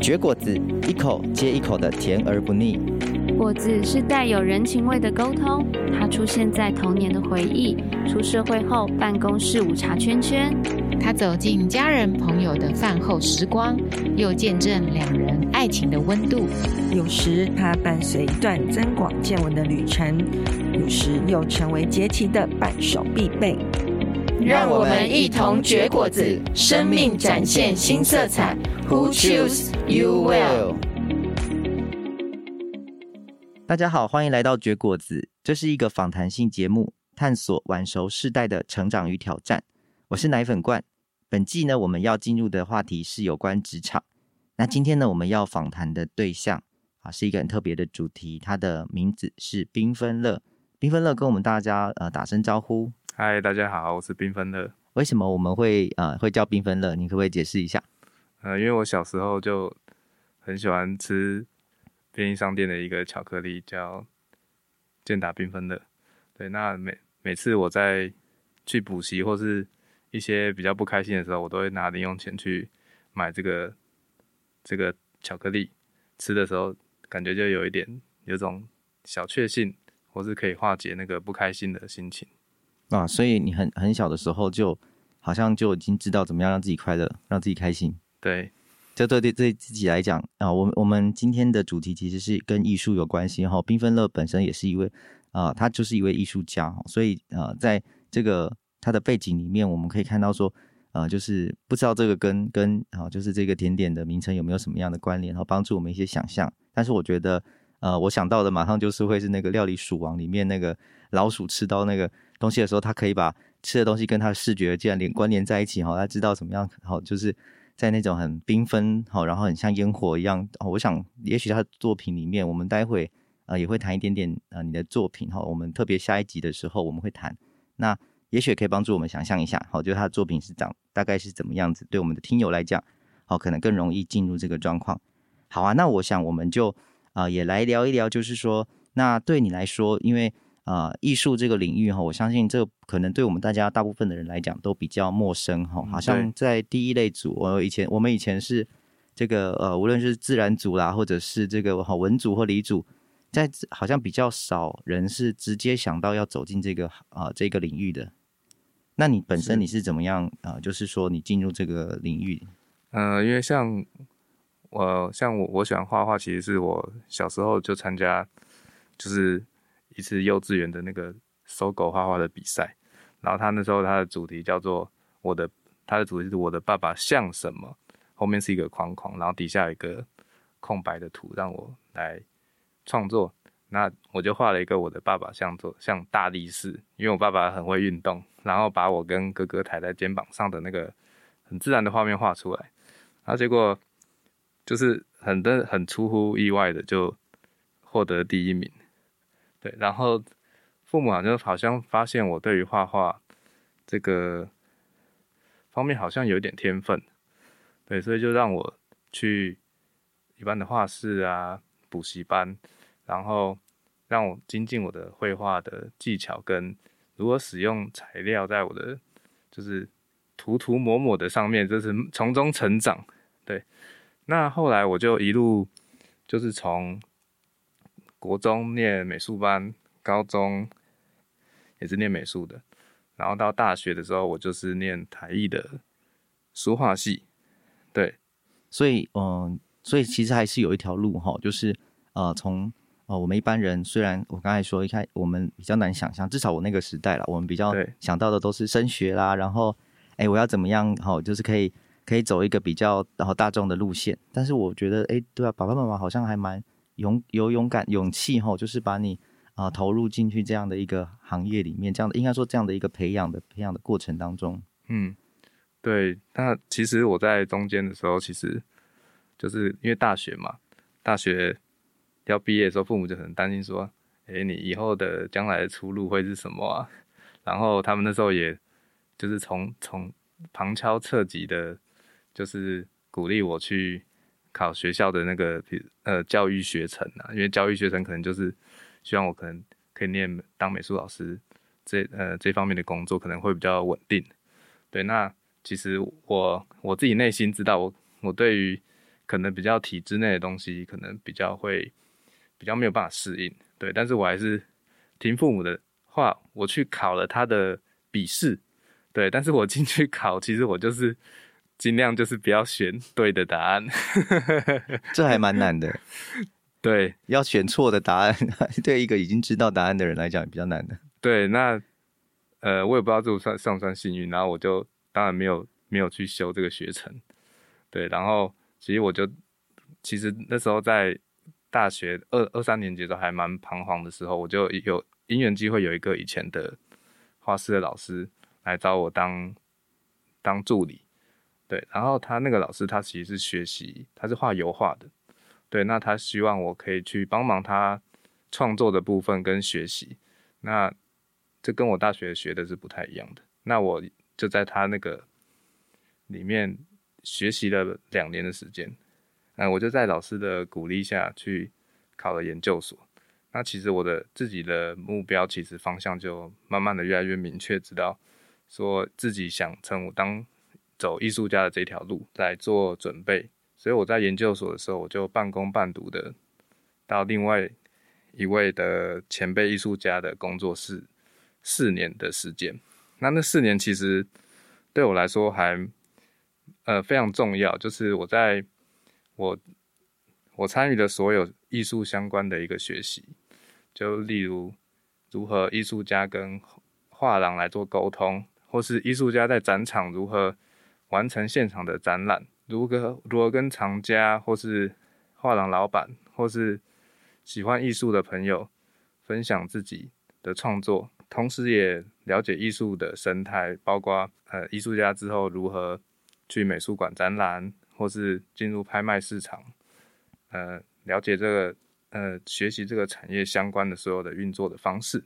絕果子，一口接一口的甜而不膩。果子是帶有人情味的溝通，它出現在童年的回憶，出社會後辦公室午茶圈圈，它走進家人朋友的飯後時光，又見證兩人愛情的溫度。有時它伴隨一段增廣見聞的旅程，有時又成為節氣的伴手必備。讓我們一同絕果子，生命展現新色彩。Who choose you well？大家好，歡迎來到絕果子，這是一個訪談性節目，探索晚熟世代的成長與挑戰。我是奶粉罐，本季呢，我們要進入的話題是有關職場。那今天呢，我們要訪談的對象啊是一個很特別的主題，他的名字是繽紛樂。繽紛樂跟我們大家呃打聲招呼。嗨，大家好，我是繽紛樂。為什麼我們會啊、呃、會叫繽紛樂？你可不可以解釋一下？嗯、呃，因為我小時候就很喜歡吃便利商店的一個巧克力，叫健達繽紛樂。對，那每每次我在去補習或是一些比較不開心的時候，我都會拿零用錢去買這個這個巧克力。吃的時候感覺就有一點有種小確幸，或是可以化解那個不開心的心情。啊，所以你很很小的時候，就好像就已經知道怎麼樣讓自己快樂，讓自己開心。對，這對對對自己來講啊，我我們今天的主題其實是跟藝術有關係，然後繽紛樂本身也是一位啊，他就是一位藝術家，所以啊，在這個他的背景裡面，我們可以看到說啊，就是不知道這個跟跟啊，就是這個甜點、點的名稱有沒有什麼樣的關聯，然後幫助我們一些想象。但是我覺得呃，我想到的馬上就是會是那個《料理鼠王》裡面那個老鼠吃到那個。東西的時候，他可以把吃的東西跟他的視覺這樣連關聯在一起哈，他知道怎麼樣好，就是在那種很繽紛好，然後很像煙火一樣。我想，也許他的作品裡面，我們待會呃也會談一點點呃你的作品哈。我們特別下一集的時候我們會談，那也許可以幫助我們想象一下好，就是他的作品是長大概是怎麼樣子，對我們的聽友來講，好可能更容易進入這個狀況。好啊，那我想我們就啊也來聊一聊，就是說那對你來說，因為。啊，藝術、呃、這個領域哈、哦，我相信這可能對我們大家大部分的人來講都比較陌生哈、哦。好像在第一類組，我對、呃、以前我們以前是這個呃，無論是自然組啦，或者是這個好、呃、文組或理組，在好像比較少人是直接想到要走進這個啊、呃、這個領域的。那你本身你是怎麼樣啊是、呃？就是說你進入這個領域？呃，因為像我像我我喜歡畫畫，其實是我小時候就參加，就是。一次幼稚園的那個搜狗畫畫的比賽，然後他那時候他的主題叫做“我的”，他的主題是“我的爸爸像什麼”，後面是一個框框，然後底下一個空白的圖讓我來創作。那我就畫了一個我的爸爸像做像大力士，因為我爸爸很會運動，然後把我跟哥哥抬在肩膀上的那個很自然的畫面畫出來。然後結果就是很的很出乎意外的就獲得第一名。對，然後父母好像好像發現我對於畫畫這個方面好像有點天分，對，所以就讓我去一般的畫室啊、補習班，然後讓我精進我的繪畫的技巧跟如何使用材料，在我的就是塗塗抹抹的上面，就是從中成長。對，那後來我就一路就是從。國中念美術班，高中也是念美術的，然後到大學的時候，我就是念臺藝的書畫系。對，所以嗯，所以其實還是有一條路哈，就是呃，從、呃、我們一般人雖然我剛才說，一開始我們比較難想象，至少我那個時代了，我們比較想到的都是升學啦，然後哎、欸，我要怎麼樣哈，就是可以可以走一個比較然後大眾的路線。但是我覺得哎、欸，對啊，爸爸媽媽好像還蠻。勇有勇敢勇氣吼，就是把你啊、呃、投入進去這樣的一個行業裡面，這樣的，應該說這樣的一個培養的培養的過程當中，嗯，對。那其實我在中間的時候，其實就是因為大學嘛，大學要畢業的時候，父母就很擔心說，誒，你以後的將來的出路會是什麼啊？然後他們那時候也就是從從旁敲側擊的，就是鼓勵我去。考學校的那個，比呃，教育學程啊，因為教育學程可能就是希望我可能可以念當美術老師，這呃這方面的工作可能會比較穩定。對，那其實我我自己內心知道我，我我對於可能比較體制內的東西，可能比較會比較沒有辦法適應。對，但是我還是聽父母的話，我去考了他的筆試。對，但是我進去考，其實我就是。盡量就是不要選對的答案，這還蠻難的。 對，要選錯的答案，對一個已經知道答案的人來講也比較難的。對，那呃，我也不知道這算，算不算幸運，然後我就當然沒有沒有去修這個學程。對，然後其實我就其實那時候在大學二二三年級的時候還蠻彷徨的時候，我就有因緣機會有一個以前的畫室的老師來找我當當助理。對，然後他那個老師，他其實是學習，他是畫油畫的，對，那他希望我可以去幫忙他創作的部分跟學習，那這跟我大學學的是不太一樣的，那我就在他那個裡面學習了兩年的時間，那我就在老師的鼓勵下去考了研究所，那其實我的自己的目標其實方向就慢慢的越來越明確，知道說自己想成我當。走藝術家的這條路來做準備，所以我在研究所的時候，我就半工半讀的到另外一位的前輩藝術家的工作室四年的時間。那那四年其實對我來說還呃非常重要，就是我在我我參與的所有藝術相關的一個學習，就例如如何藝術家跟畫廊來做溝通，或是藝術家在展場如何。完成現場的展覽，如何如何跟藏家，或是畫廊老闆，或是喜歡藝術的朋友分享自己的創作，同時也了解藝術的生態，包括呃藝術家之後如何去美術館展覽，或是進入拍賣市場，呃，了解這個呃學習這個產業相關的所有的運作的方式，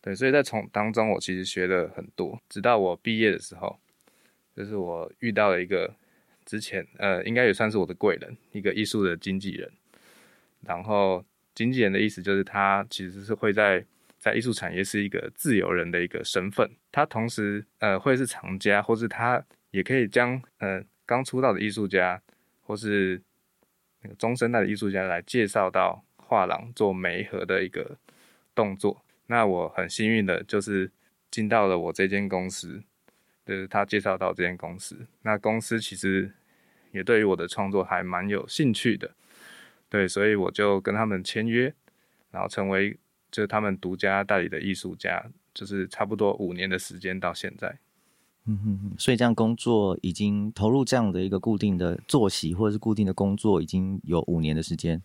對，所以在從當中我其實學了很多，直到我畢業的時候。就是我遇到了一個之前呃，應該也算是我的貴人，一個藝術的經紀人。然後經紀人的意思就是，他其實是會在在藝術產業是一個自由人的一個身份。他同時呃會是藏家，或是他也可以將呃剛出道的藝術家，或是那個中生代的藝術家來介紹到畫廊做媒合的一個動作。那我很幸運的就是進到了我這間公司。就是他介紹到這間公司，那公司其實也對於我的創作還蠻有興趣的，對，所以我就跟他們簽約，然後成為就是他們獨家代理的藝術家，就是差不多五年的時間到現在。嗯哼哼，所以這樣工作已經投入這樣的一個固定的作息或者是固定的工作已經有五年的時間？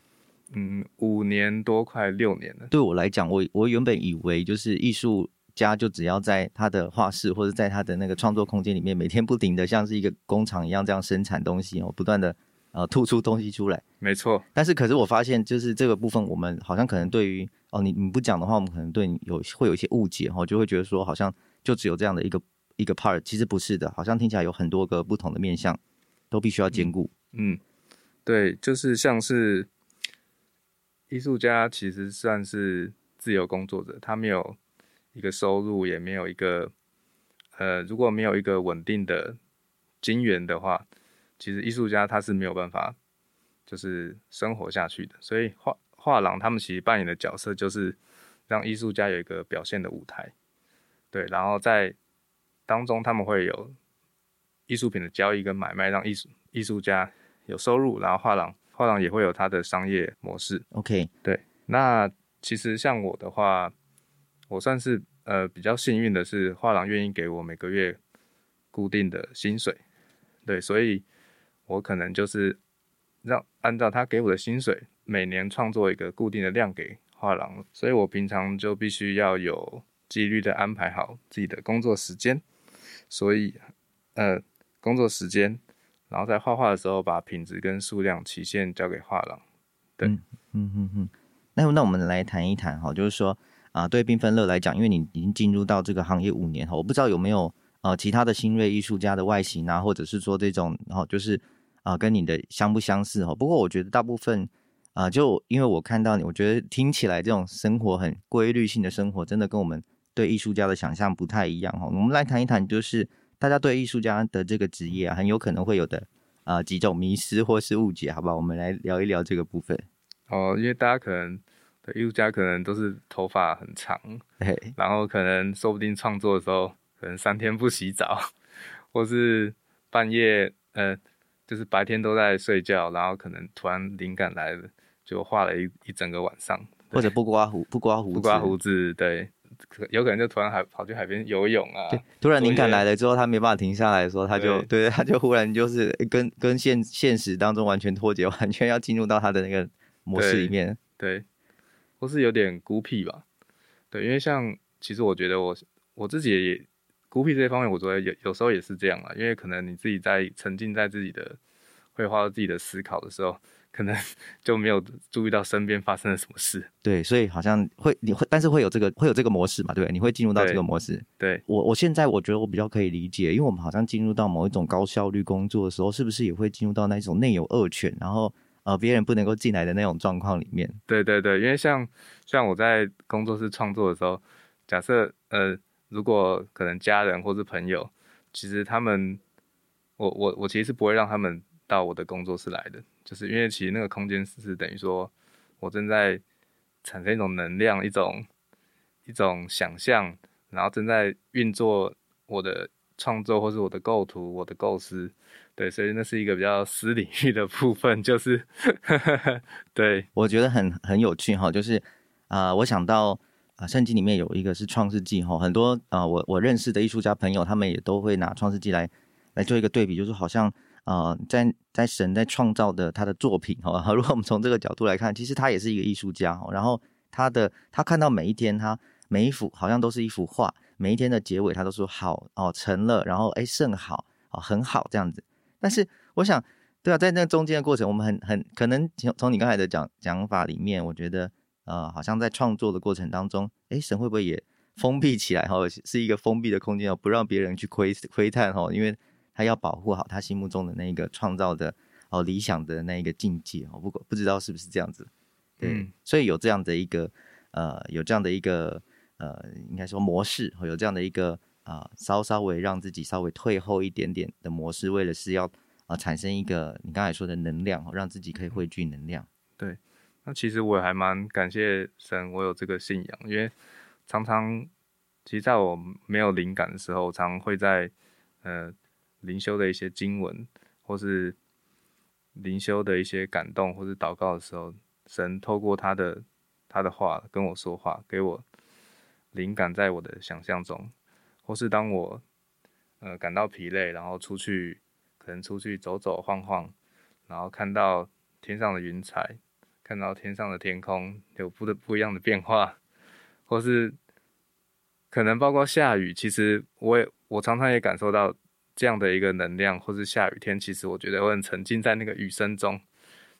嗯，五年多，快六年了。對我來講，我我原本以為就是藝術。家就只要在他的畫室，或者在他的那個創作空間裡面，每天不停的像是一個工廠一樣這樣生產東西，哦，不斷的呃吐出東西出來。沒錯。但是可是我發現，就是這個部分，我們好像可能對於哦你你不講的話，我們可能對你有會有一些誤解，哦，哈，就會覺得說好像就只有這樣的一個一個 part。其實不是的，好像聽起來有很多個不同的面向，都必須要兼顧。嗯，嗯，對，就是像是藝術家，其實算是自由工作者，他沒有。一個收入也沒有一個，呃，如果沒有一個穩定的金源的話，其實藝術家他是沒有辦法，就是生活下去的。所以畫畫廊他們其實扮演的角色就是讓藝術家有一個表現的舞台，對。然後在當中他們會有藝術品的交易跟買賣，讓藝術藝術家有收入，然後畫廊畫廊也會有它的商業模式。OK，對。那其實像我的話。我算是呃，比較幸運的是，畫廊願意給我每個月固定的薪水，對，所以，我可能就是讓按照他給我的薪水，每年創作一個固定的量給畫廊，所以我平常就必須要有紀律的安排好自己的工作時間，所以，呃，工作時間，然後在畫畫的時候把品質跟數量期限交給畫廊，對，嗯嗯嗯，那、嗯嗯、那我們來談一談哈，就是說。啊，對繽紛樂來講，因為你已經進入到這個行業五年後我不知道有沒有呃其他的新銳藝術家的外形啊，或者是說這種哦，就是啊、呃、跟你的相不相似哈、哦。不過我覺得大部分啊、呃，就因為我看到你，我覺得聽起來這種生活很規律性的生活，真的跟我們對藝術家的想象不太一樣哈、哦。我們來談一談，就是大家對藝術家的這個職業、啊，很有可能會有的啊、呃、幾種迷思或是誤解，好吧？我們來聊一聊這個部分。哦，因為大家可能。藝術家可能都是頭髮很長，嘿然後可能說不定創作的時候，可能三天不洗澡，或是半夜呃，就是白天都在睡覺，然後可能突然靈感來了，就畫了一一整個晚上，或者不刮鬍不刮鬍子，不刮鬍子，對，有可能就突然還跑去海邊游泳啊，對，突然靈感來了之後，他沒辦法停下來的時候，他就對，對他就忽然就是跟跟現現實當中完全脫節，完全要進入到他的那個模式裡面，對。對或是有點孤僻吧，對，因為像其實我覺得我我自己也孤僻這些方面，我覺得有有時候也是這樣啊，因為可能你自己在沉浸在自己的繪畫自己的思考的時候，可能就沒有注意到身邊發生了什麼事。對，所以好像會你會，但是會有這個會有這個模式嘛，對，對，你會進入到這個模式。對我我現在我覺得我比較可以理解，因為我們好像進入到某一種高效率工作的時候，是不是也會進入到那種內有惡犬，然後。呃，別人不能夠進來的那種狀況裡面。對對對，因為像像我在工作室創作的時候，假設呃，如果可能家人或是朋友，其實他們，我我我其實是不會讓他們到我的工作室來的，就是因為其實那個空間是等於說，我正在產生一種能量，一種一種想象，然後正在運作我的。創作或是我的構圖、我的構思，對，所以那是一個比較私領域的部分，就是 對，我覺得很很有趣哈，就是啊、呃，我想到啊，聖經裡面有一個是創世紀哈，很多啊、呃，我我認識的藝術家朋友，他們也都會拿創世紀來來做一個對比，就是好像啊、呃，在在神在創造的他的作品，好，如果我們從這個角度來看，其實他也是一個藝術家，然後他的他看到每一天他。每一幅好像都是一幅畫，每一天的結尾他都說好哦，成了，然後哎，甚好哦，很好這樣子。但是我想，對啊，在那中間的過程，我們很很可能從你剛才的講講法裡面，我覺得呃，好像在創作的過程當中，哎，神會不會也封閉起來哈，是一個封閉的空間哦，不讓別人去窺窺探哦，因為他要保護好他心目中的那一個創造的哦、呃、理想的那一個境界哦，我不過不知道是不是這樣子。對，嗯、所以有這樣的一個呃，有這樣的一個。呃，應該說模式會有這樣的一個啊、呃，稍稍微讓自己稍微退後一點點的模式，為了是要啊、呃、產生一個你剛才說的能量，讓自己可以匯聚能量。對，那其實我也還蠻感謝神，我有這個信仰，因為常常其實在我沒有靈感的時候，我常會在呃靈修的一些經文或是靈修的一些感動或是禱告的時候，神透過他的他的話跟我說話，給我。靈感在我的想象中，或是當我呃感到疲累，然後出去，可能出去走走晃晃，然後看到天上的雲彩，看到天上的天空有不的不一樣的變化，或是可能包括下雨，其實我也我常常也感受到這樣的一個能量，或是下雨天，其實我覺得我很沉浸在那個雨聲中，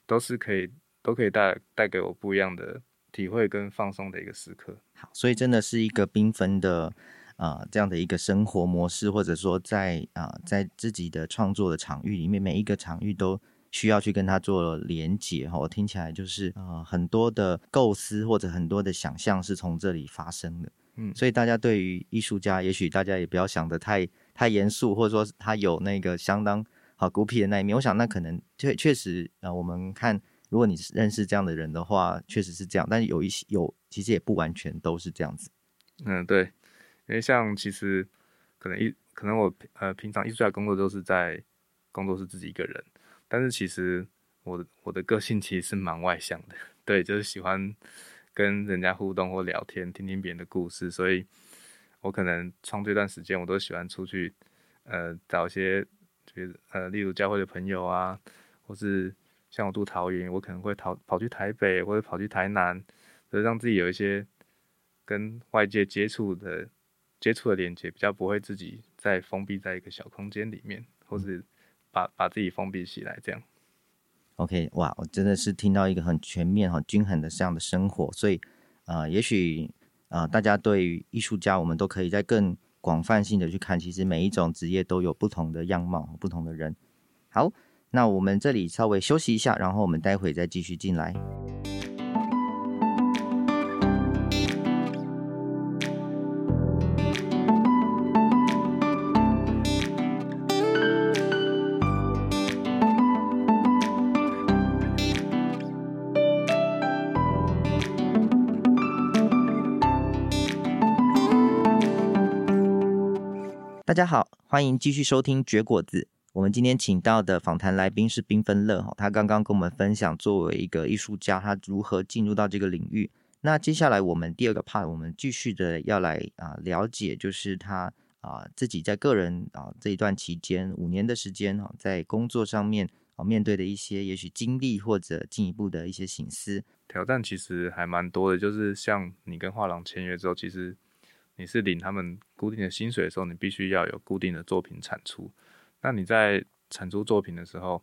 都是可以都可以帶帶給我不一樣的。體會跟放鬆的一個時刻，好，所以真的是一個繽紛的，啊、呃，這樣的一個生活模式，或者說在啊、呃，在自己的創作的場域裡面，每一個場域都需要去跟他做連接。哈。我聽起來就是啊、呃，很多的構思或者很多的想象是從這裡發生的，嗯，所以大家對於藝術家，也許大家也不要想得太太嚴肅，或者說他有那個相當好孤、呃、僻的那一面。我想那可能確確實啊、呃，我們看。如果你是認識這樣的人的話，確實是這樣。但是有一些有，其實也不完全都是這樣子。嗯，對，因為像其實可能一可能我呃平常一出來工作都是在工作室自己一個人，但是其實我我的個性其實是蠻外向的，對，就是喜歡跟人家互動或聊天，聽聽別人的故事。所以，我可能創這段時間，我都喜歡出去呃找一些，就是呃例如教會的朋友啊，或是。像我住桃園，我可能會逃跑去台北，或者跑去台南，就是讓自己有一些跟外界接觸的接觸的連接，比較不會自己再封閉在一個小空間裡面，或是把把自己封閉起來這樣。OK，哇，我真的是聽到一個很全面、很均衡的這樣的生活，所以呃，也許呃，大家對於藝術家，我們都可以再更廣泛性的去看，其實每一種職業都有不同的樣貌和不同的人。好。那我們這裡稍微休息一下，然後我們待會再繼續進來。大家好，歡迎繼續收聽絕果子。我們今天請到的訪談來賓是繽紛樂，他剛剛跟我們分享作為一個藝術家，他如何進入到這個領域。那接下來我們第二個 part，我們繼續的要來啊了解，就是他啊自己在個人啊這一段期間五年的時間在工作上面啊面對的一些也許經歷或者進一步的一些省思。挑戰，其實還蠻多的。就是像你跟畫廊簽約之後，其實你是領他們固定的薪水的時候，你必須要有固定的作品產出。那你在產出作品的時候，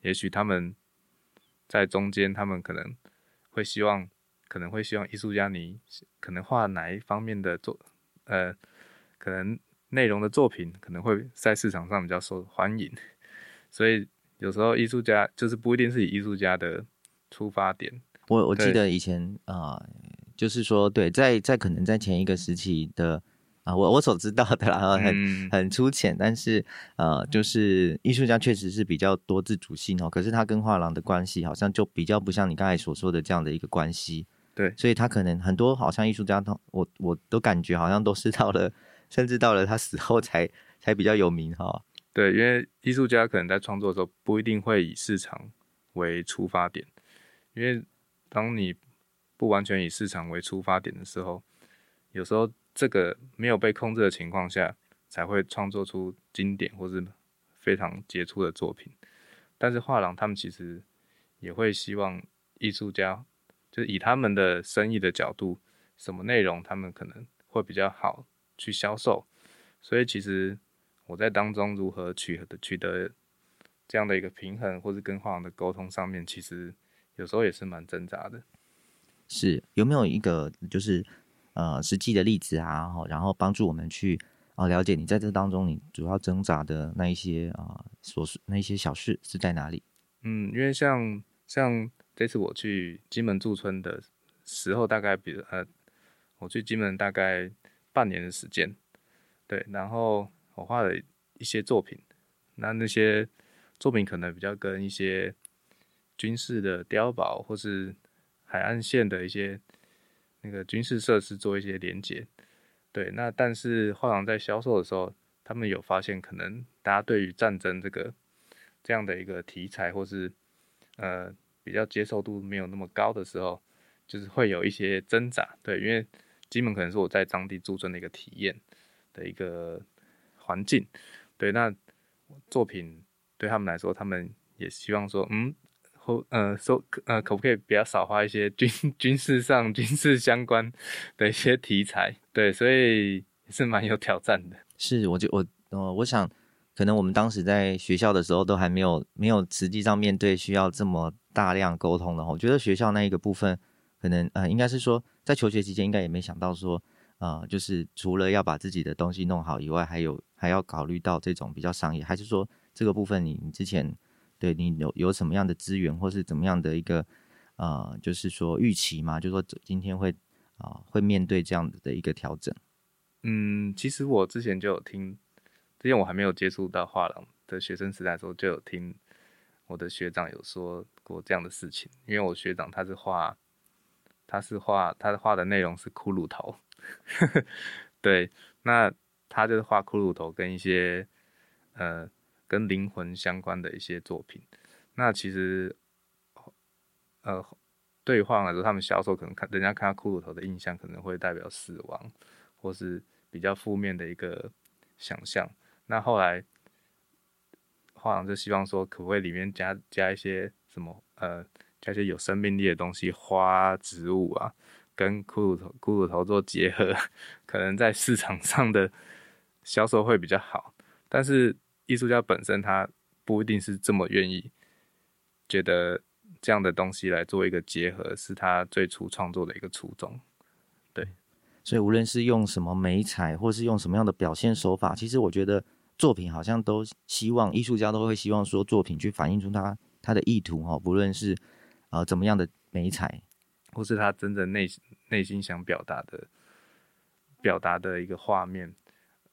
也許他們，在中間，他們可能會希望，可能會希望藝術家你可能畫哪一方面的作，呃，可能內容的作品可能會在市場上比較受歡迎，所以有時候藝術家就是不一定是以藝術家的出發點。我我記得以前啊對、呃，就是說對，在在可能在前一個時期的。啊，我我所知道的啦，很很粗淺，嗯、但是呃，就是藝術家確實是比較多自主性哦。可是他跟畫廊的關係好像就比較不像你剛才所說的這樣的一個關係。對，所以他可能很多好像藝術家都我我都感覺好像都是到了甚至到了他死後才才比較有名哈。對，因為藝術家可能在創作的時候不一定會以市場為出發點，因為當你不完全以市場為出發點的時候，有時候。這個沒有被控制的情況下，才會創作出經典或是非常傑出的作品。但是畫廊他們其實也會希望藝術家，就是以他們的生意的角度，什麼內容他們可能會比較好去銷售。所以其實我在當中如何取取得這樣的一個平衡，或是跟畫廊的溝通上面，其實有時候也是蠻掙扎的。是有沒有一個就是？呃，實際的例子啊，然後幫助我們去啊，呃，了解你在這當中你主要掙扎的那一些啊瑣事，那一些小事是在哪裡？嗯，因為像像這次我去金門駐村的時候，大概比呃，我去金門大概半年的時間，對，然後我畫了一些作品，那那些作品可能比較跟一些軍事的碉堡或是海岸線的一些，那個軍事設施做一些連接，對，那但是後來在銷售的時候，他們有發現，可能大家對於戰爭這個這樣的一個題材，或是呃比較接受度沒有那麼高的時候，就是會有一些掙扎，對，因為金門可能是我在當地駐村的一個體驗的一個環境，對，那作品對他們來說，他們也希望說，嗯。呃、嗯，說呃，可不可以比較少花一些軍軍事上軍事相關的一些題材？對，所以也是蠻有挑戰的。是，我就我呃，我想可能我們當時在學校的時候都還沒有沒有實際上面對需要這麼大量溝通的。我覺得學校那一個部分，可能呃，應該是說在求學期間應該也沒想到說，呃，就是除了要把自己的東西弄好以外，還有還要考慮到這種比較商業，還是說這個部分你你之前。對你有有什麼樣的資源，或是怎麼樣的一個呃，就是說預期嗎？就是說今天會啊、呃，會面對這樣子的一個調整？嗯，其實我之前就有聽，之前我還沒有接觸到畫廊的學生時代的時候就有聽我的學長有說過這樣的事情，因為我學長他是畫，他是畫他的畫的內容是骷髏頭，呵呵，對，那他就是畫骷髏頭跟一些呃。跟靈魂相關的一些作品，那其實，呃，對畫廊來說，他們銷售可能看人家看到骷髏頭的印象，可能會代表死亡或是比較負面的一個想象。那後來，畫廊就希望說，可不可以裡面加加一些什麼，呃，加一些有生命力的東西，花、植物啊，跟骷髏頭、骷髏頭做結合，可能在市場上的銷售會比較好，但是藝術家本身，他不一定是這麼願意，覺得這樣的東西來做一個結合，是他最初創作的一個初衷。對，所以無論是用什麼媒材，或是用什麼樣的表現手法，其實我覺得作品好像都希望藝術家都會希望說，作品去反映出他他的意圖哈、喔，不論是呃怎麼樣的媒材，或是他真正內內心想表達的表達的一個畫面，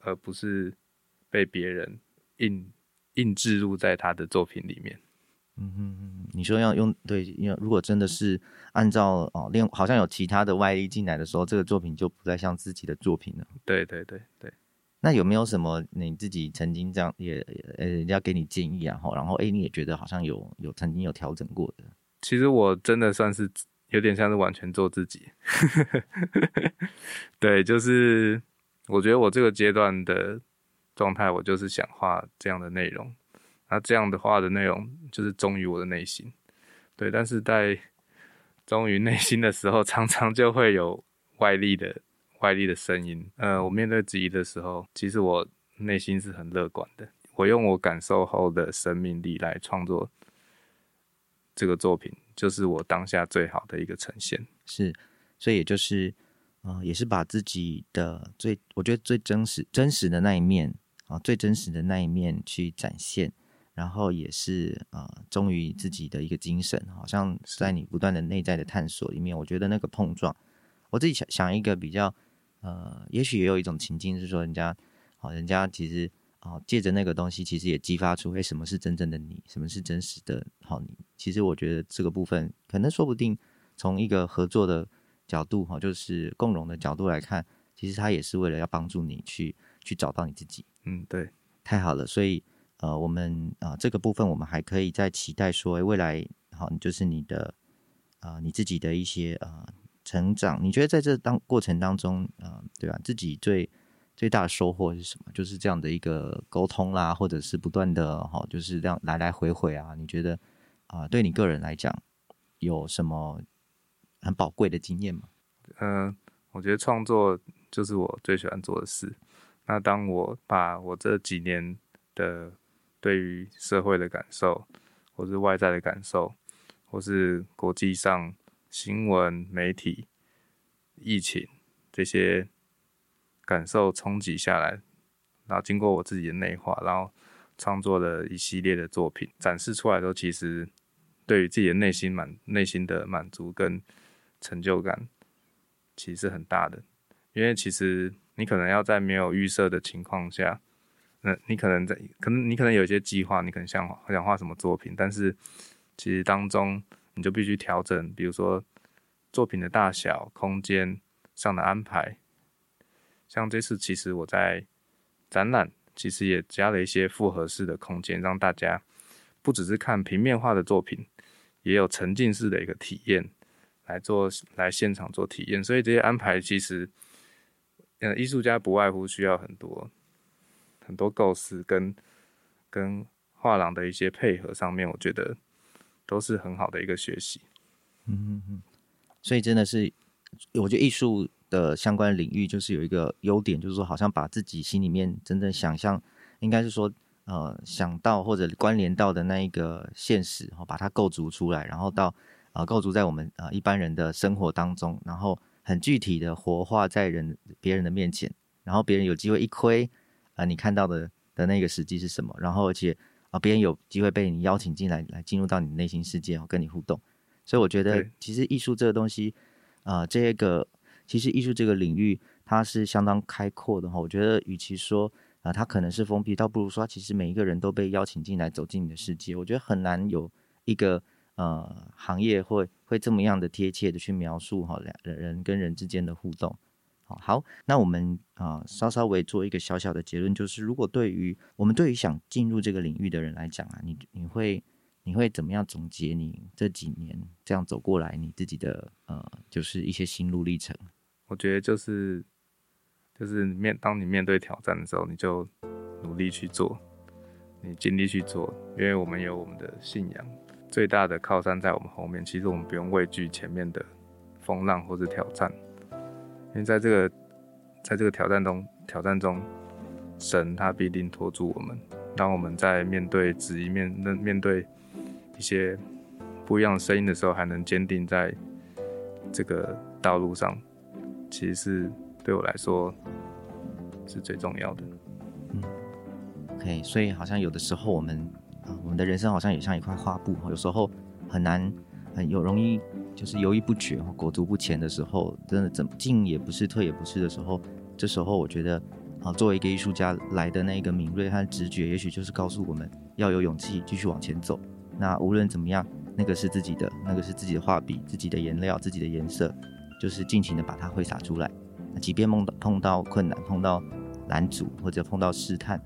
而不是被別人。印印置入在他的作品裡面。嗯嗯嗯，你說要用對，因為如果真的是按照哦，另好像有其他的外力進來的時候，這個作品就不再像自己的作品了。對對對對。那有沒有什麼你自己曾經這樣也呃，人家給你建議、啊、然後，然後誒，你也覺得好像有有曾經有調整過的？其實我真的算是有點像是完全做自己。 對，就是我覺得我這個階段的狀態，我就是想畫這樣的內容，那這樣的畫的內容就是忠於我的內心，對。但是在忠於內心的時候，常常就會有外力的外力的聲音。呃，我面對質疑的時候，其實我內心是很樂觀的。我用我感受後的生命力來創作這個作品，就是我當下最好的一個呈現。是，所以也就是，嗯，呃，也是把自己的最我覺得最真實真實的那一面。啊，最真實的那一面去展現，然後也是啊、呃，忠於自己的一個精神，好像是在你不斷的內在的探索裡面。我覺得那個碰撞，我自己想想一個比較呃，也許也有一種情境，就是說，人家啊，人家其實啊、呃，借着那個東西，其實也激發出，為什麼是真正的你？什麼是真實的？好，哦，你，其實我覺得這個部分，可能說不定從一個合作的角度，哈，哦，就是共榮的角度來看，其實他也是為了要幫助你去去找到你自己。嗯，對，太好了。所以，呃，我們啊、呃，這個部分我們還可以再期待說，未來好、哦，就是你的，啊、呃，你自己的一些啊、呃，成長。你覺得在這當過程當中，啊、呃，對吧？自己最最大的收穫是什麼？就是這樣的一個溝通啦，或者是不斷的哈、哦，就是這樣來來回回啊。你覺得啊、呃，對你個人來講，有什麼很寶貴的經驗嗎？嗯，我覺得創作就是我最喜歡做的事。那當我把我這幾年的對於社會的感受，或是外在的感受，或是國際上新聞、媒體、疫情這些感受衝擊下來，然後經過我自己的內化，然後創作了一系列的作品展示出來，都其實對於自己的內心滿內心的滿足跟成就感，其實是很大的。因為其實你可能要在沒有預設的情況下，嗯，你可能在可能你可能有一些計劃，你可能想想畫什麼作品，但是其實當中你就必須調整，比如說作品的大小、空間上的安排。像這次其實我在展覽，其實也加了一些複合式的空間，讓大家不只是看平面畫的作品，也有沉浸式的一個體驗來做來現場做體驗，所以這些安排其實，嗯，藝術家不外乎需要很多很多構思跟跟畫廊的一些配合上面，我覺得都是很好的一個學習。嗯嗯嗯。所以真的是，我覺得藝術的相關領域就是有一個優點，就是說好像把自己心裡面真正想象，應該是說呃想到或者關聯到的那一個現實，把它構築出來，然後到呃構築在我們呃一般人的生活當中，然後。很具體的活化在人別人的面前，然後別人有機會一窺，啊、呃，你看到的的那個實際是什麼？然後而且啊、呃，別人有機會被你邀請進來，來進入到你內心世界，我跟你互動。所以我覺得，其實藝術這個東西，啊對、呃，這個其實藝術這個領域它是相當開闊的。我覺得與其說啊、呃，它可能是封閉，倒不如說，其實每一個人都被邀請進來走進你的世界。我覺得很難有一個。呃，行業會會這麼樣的貼切的去描述哈、哦，人跟人之間的互動。好，那我們啊、呃，稍稍微做一個小小的結論，就是如果對於我們對於想進入這個領域的人來講啊，你你會你會怎麼樣總結你這幾年這樣走過來你自己的呃，就是一些心路歷程。我覺得就是就是面當你面對挑戰的時候，你就努力去做，你盡力去做，因為我們有我們的信仰。最大的靠山在我們後面，其實我們不用畏懼前面的風浪或者挑戰，因為在這個在這個挑戰中，挑戰中，神他必定托住我們。當我們在面對質疑、面那面對一些不一樣的聲音的時候，還能堅定在這個道路上，其實是對我來說是最重要的。嗯，OK，所以好像有的時候我們。啊，我們的人生好像也像一塊畫布，有時候很難，很有容易就是猶豫不決、裹足不前的時候，真的怎麼進也不是、退也不是的時候，這時候我覺得啊，作為一個藝術家來的那個敏銳和直覺，也許就是告訴我們要有勇氣繼續往前走。那無論怎麼樣，那個是自己的，那個是自己的畫筆、自己的顏料、自己的顏色，就是盡情的把它揮灑出來。那即便夢到碰到困難、碰到攔阻或者碰到試探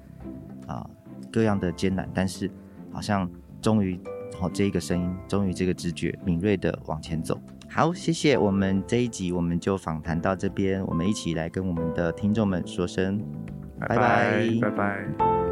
啊，各樣的艱難，但是。好像終於，好、哦、這個聲音，終於這個直覺敏銳的往前走。好，謝謝，我們這一集我們就訪談到這邊，我們一起來跟我們的聽眾們說聲，拜拜，拜拜。拜拜。